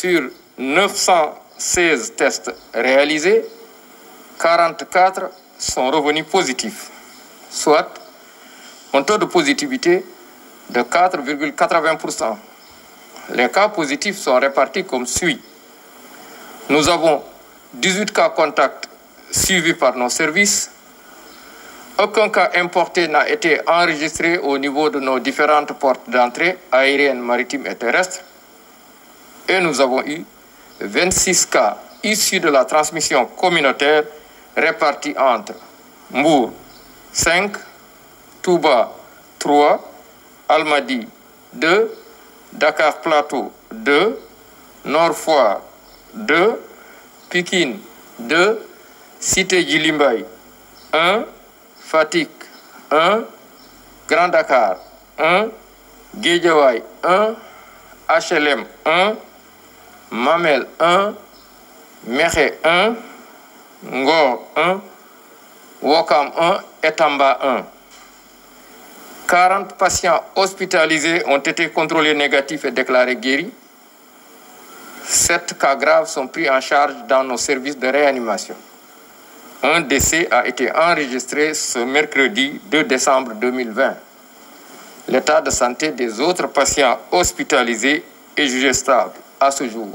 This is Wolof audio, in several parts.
sur 916 tests réalisés, 44 sont revenus positifs, soit un de positivité de 4,80%. Les cas positifs sont répartis comme suit. Nous avons 18 cas contacts suivis par nos services. Aucun cas importé n'a été enregistré au niveau de nos différentes portes d'entrée aériennes, maritimes et terrestres. et nous avons eu cas issus de la transmission communautaire répartis entre Mbour 5, Touba 3, Almadi 2, Dakar Plateau 2, Nord-Foire 2, Pikine 2, Cité Djilimbay 1, Grand Dakar 1, HLM Mamel 1 Mexe 1 Ngor 1 Wokam et Tamba 1. 40 patients hospitalisés ont été contrôlés négatifs et déclarés guéris. 7 cas graves sont pris en charge dans nos services de réanimation. Un décès a été enregistré ce mercredi 2 décembre 2020. L'état de santé des autres patients hospitalisés est jugé stable. à ce jour.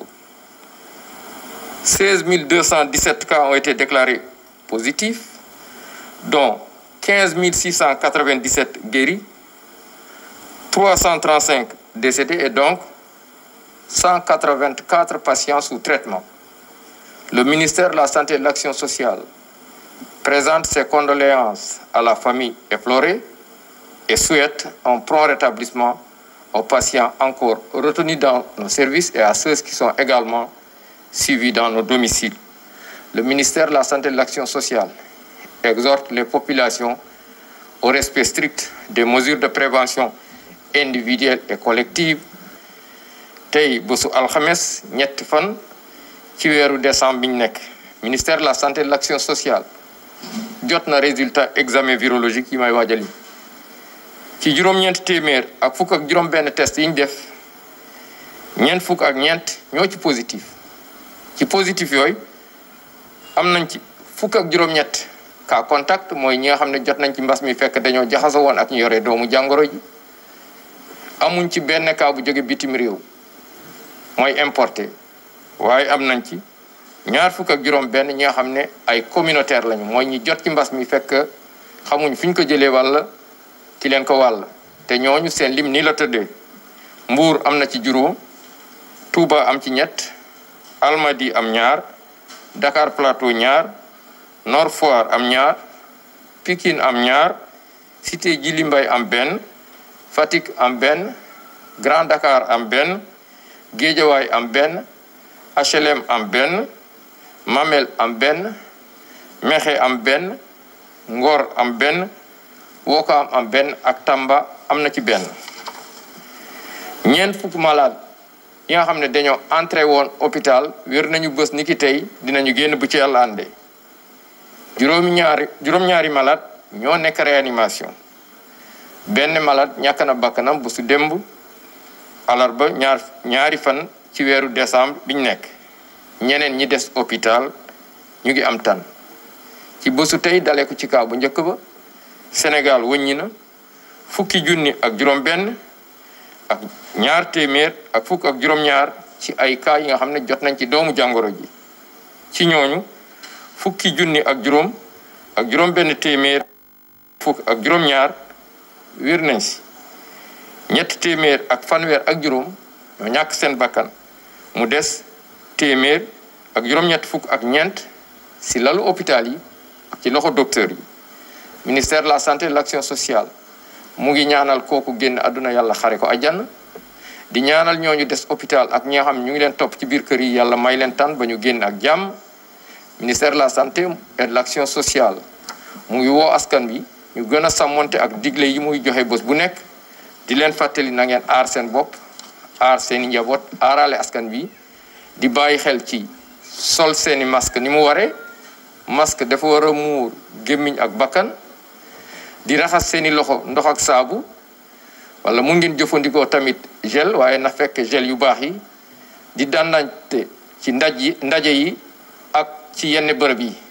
16 217 cas ont été déclarés positifs, dont 15 697 guéris, 335 décédés et donc 184 patients sous traitement. Le ministère de la Santé et de l'Action sociale présente ses condoléances à la famille éplorée et souhaite un prompt au patients encore retenus dans nos services et à ceux qui sont également suivis dans nos domiciles. Le ministère de la Santé de l'Action sociale exhorte les populations au respect strict des mesures de prévention individuelle et collective tey bésu alxames ñetti fan ci weeru décembre bi ñu nekk ministère de la santé de l'action sociale jot na résultat examen virologique yi may waajal yi ci juróom-ñeent téeméer ak fukk ak juróom-benn test yi def ñeent fukk ak ñeent ñoo ci positif ci positif yooyu am nañ ci fukk ak juróom-ñett cas contact mooy ñi nga xam ne jot nañ ci mbas mi fekk dañoo jaxasoo woon ak ñu yore doomu jàngoro amuñ ci benn cas bu jóge bitim réew mooy importé waaye am nañ ci ñaar fukk ak ñi nga xam ne ay communautaire lañu mooy ñi jot ci mbas mi fekk xamuñ fi ñu ko jëlee walla ki leen ko te ñooñu seen lim ni la tëddee Mbuur am na ci juróom Touba am ci ñett Almadi am ñaar Dakar Plateau ñaar Nord Foire am ñaar Pikine am ñaar Cité Djilimbay am benn Fatick am benn Grand Dakar am benn Géejawaay am benn HLM am benn Mamel am benn Mexe am benn Ngor am benn ko am benn ak tàmba am na ci benn ñeent fukk malade yi nga xam ne dañoo entré woon hôpital wér nañu bës niki ki tey dinañu génn bu ci yàlla ànde juróomi ñaari juróom-ñaari malade ñoo nekk réanimation benn malade ñàkk na bakkanam bu su démb ba ñaar ñaari fan ci weeru décembre biñ nekk ñeneen ñi des hôpital ñu ngi am tan ci bésu tey dale ko ci kaw bu njëkk ba Sénégal wëññi na fukki junni ak juróom benn ak ñaar téeméer ak fukk ak juróom-ñaar ci ay cas yi nga xam ne jot nañ ci doomu jàngoro ji ci ñooñu fukki junni ak juróom ak juróom benn téeméer fukk ak juróom-ñaar wér nañ ci ñetti téeméer ak fanweer ak juróom ñoo ñàkk seen bakkan mu des téeméer ak juróom-ñett fukk ak ñeent si lalu hôpital yi ci loxo docteur yi ministère de la santé de l'action sociale mu ngi ñaanal kooku génn àdduna yàlla xare ko àjjana di ñaanal ñooñu des hôpital ak ñi nga xam ñu ngi leen topp ci biir kër yi yàlla may leen tan ba ñu génn ak jàmm ministère de la santé de l'action sociale mu ngi woo askan bi ñu gën a sàmmonte ak digle yi muy joxe bés bu nekk di leen fàttali nangeen aar seen bopp aar seeni njaboot aarale askan bi di bàyyi xel ci sol seeni masque ni mu waree masque dafa war a muur gémmiñ ak bakkan di raxas seeni loxo ndox ak saabu wala mu ngeen jëfandikoo tamit gel waaye na fekk gel yu baax yi di dànnante ci ndaj yi ndaje yi ak ci yenn bërëb yi